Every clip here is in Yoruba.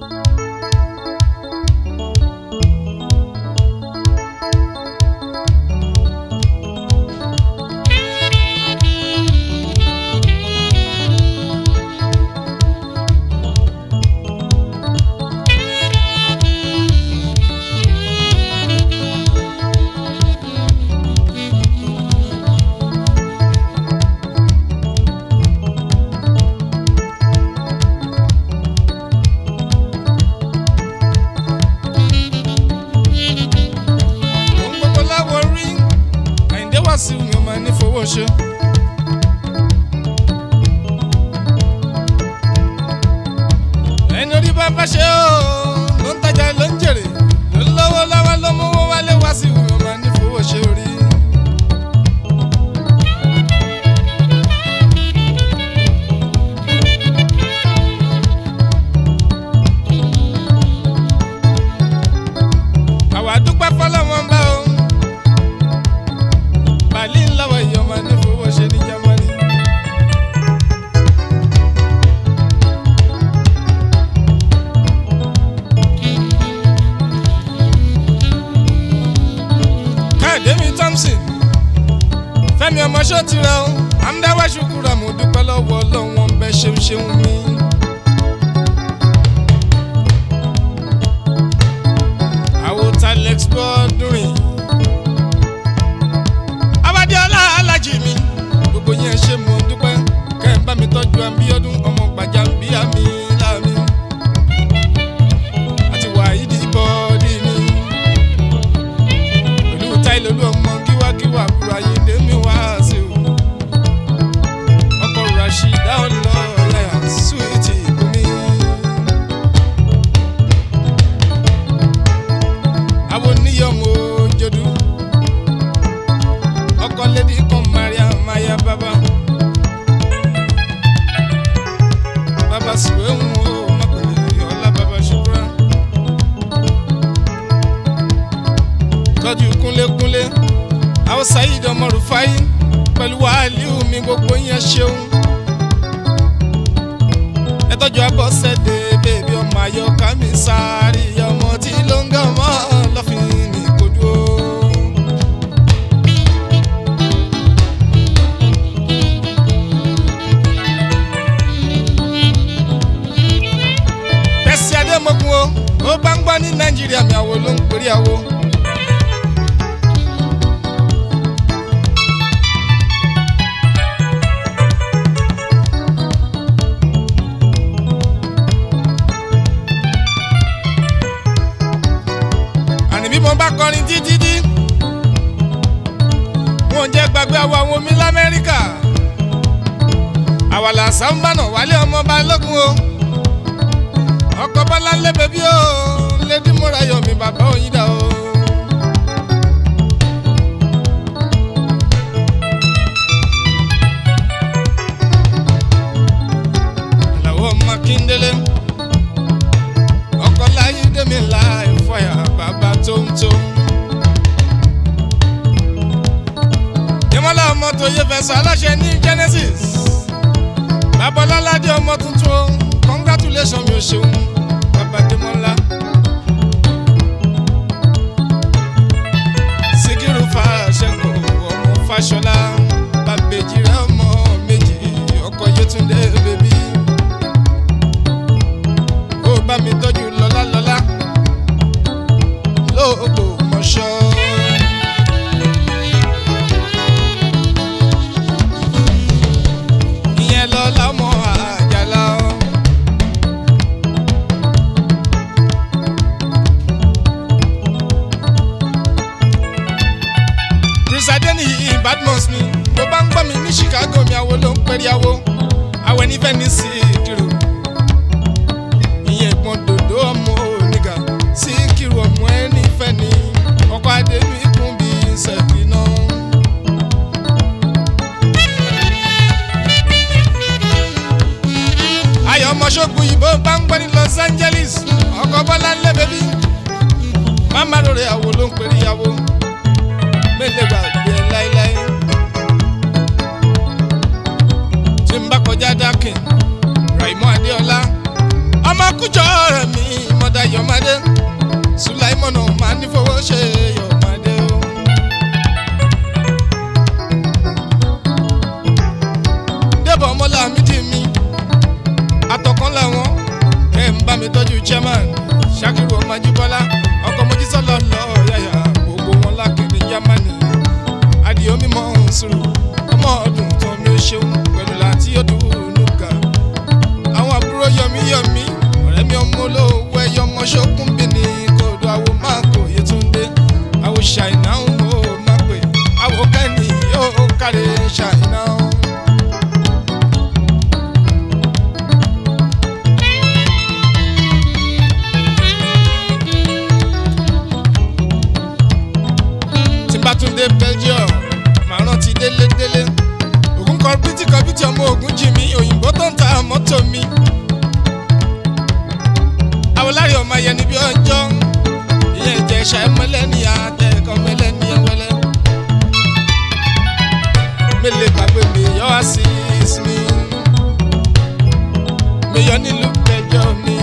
Thank you. ṣó ti rẹ̀ ń àǹdáwá ṣùkúrà mo dúpẹ́ lọ́wọ́ ọlọ́run ọ̀bẹ ṣeun ṣeun mi. lọ́jọ́ bọ́sẹ̀dé bèbí ọmọ ayọ́ká mi sáré ọmọ tí ló ń gàn mọ́ lọ́fìn ní kojú o. tẹ̀sí adémọ́gun o ó bá ń gbọ́ ní nàìjíríà mi àwo ló ń pèrè àwo. sọ́nbànà wálé ọmọ balógun o ọkọ bọ́lá ń lé bèbí o lédi múra yọ̀mí bàbá òyìnbá o. ìlàwọ́ makindele ọkọ láyé dèmi láì bàbá tóńtón. ìmọ̀lá ọmọ tó yẹ fẹsọ̀ aláṣẹ ní Genesis abọ́láládé ọmọ tuntun o congratulation mi ò ṣeun bàbá démọ́lá. Síkírù Fàṣẹkọ̀ ọmọ Fàṣọlá bàbá èjì rẹ̀ ọmọ méjì ọkọ̀ Yétúndé. fújọ́ rẹ̀ mi mọ̀dà yọ̀mádé sùláìmọ̀nà máa ní fowó ṣe yọ̀mádé o. débọ̀ ọmọlá mi dì mí àtọ̀kán làwọn ẹ̀ ń bá mi tọ́jú chairman ṣàkírò májíbọ́lá. jọ assist me mi yọ nílùú yoni. mi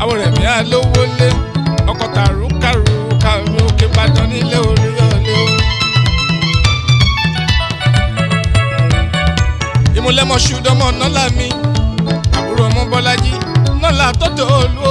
àwọn rẹ̀ mi á lówó Okota ruka ruka. kàrú òkè Ìbàdàn nílé orí ọ̀lẹ́ o. ìmúlẹ́mọ̀ṣù mo nọ́là mi àbúrò ọmọ Bọ́lájí nọ́là tó tó olú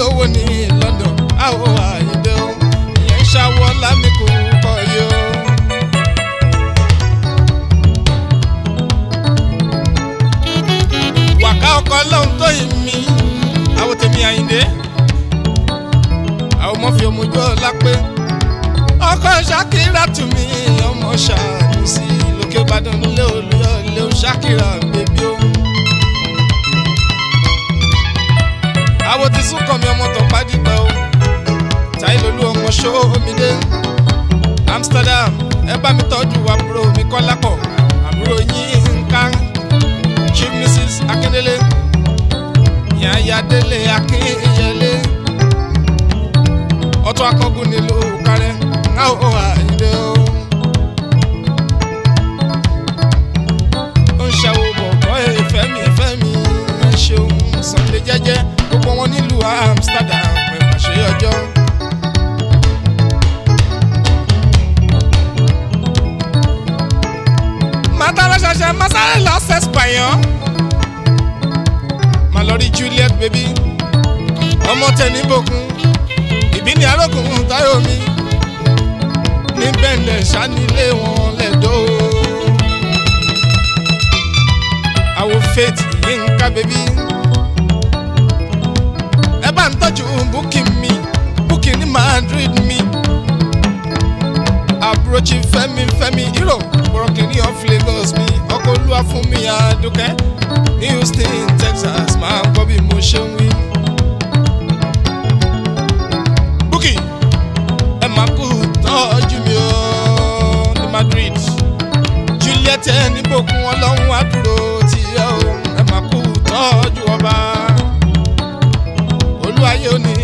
olówó ní London àwọn àyíndé o ìyẹn ń ṣàwọ́ lámìkù kọ́ yìí o. wàká ọkọ ọlọ́run tó yìí mi àwọn tèmi àyíndé àwọn ọmọ fi òmùjọ́ lápẹ́ ọkọ ṣàkírà tù mí ọmọ ṣàmùsí lókè Ìbàdàn nílé olùyọ ilé ṣàkírà bèbí o. àwọn ti sún kọ́ Adigba o Táìlólú ọmọ ṣó Amsterdam eba bá mi tọ́jú àbúrò mi Kọ́lápọ̀ àbúrò yín nǹkan Chief Mrs Akíndélé yaya dele Akínyẹlé otwa akọ́gùn nílùú kárẹ́ náà market baby ọmọ tẹni bòkun ìbíni arókùnrin táyọ̀ mi ní bẹ́ẹ̀lẹ̀ sanilé wọn lẹ́dọ̀ àwo faith yínká baby ẹ bá ń tọ́jú búkì mi búkì ní Madrid mi àbúròchì fẹ́mi fẹ́mi hero bọ̀rọ̀kìnní of Lagos mi ọkọ̀ olúwa fún mi àdùkẹ́ Houston Texas máa bí mo ṣe ń wí. Bukky ẹ máa kú tọ́jú mi ó ní Madrid Juliet ẹni bòkun ọlọ́run àdúró tí ẹ máa kú tọ́jú ọba olúwayé òní.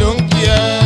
don't care.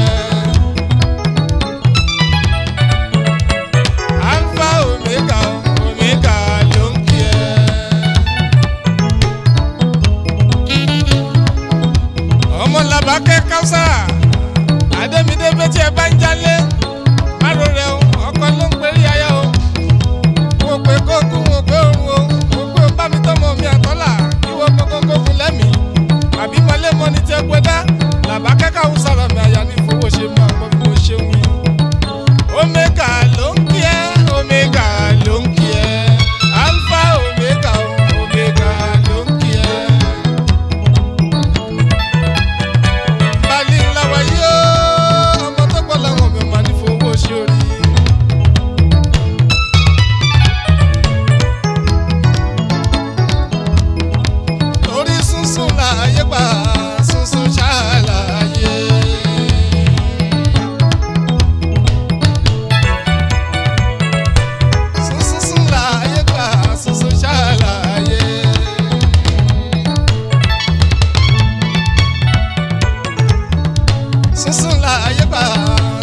sísun láàyè bá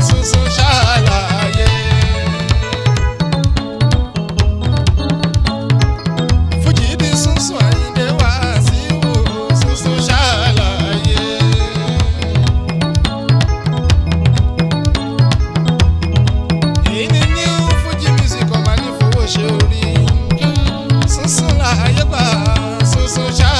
sísun ṣàlàyé. fújì ní sísun àyíndé wá sí wò sísun ṣàlàyé. èyí ni new fújì music ọ̀ma ní fowó ṣe orí sísun láàyè bá sísun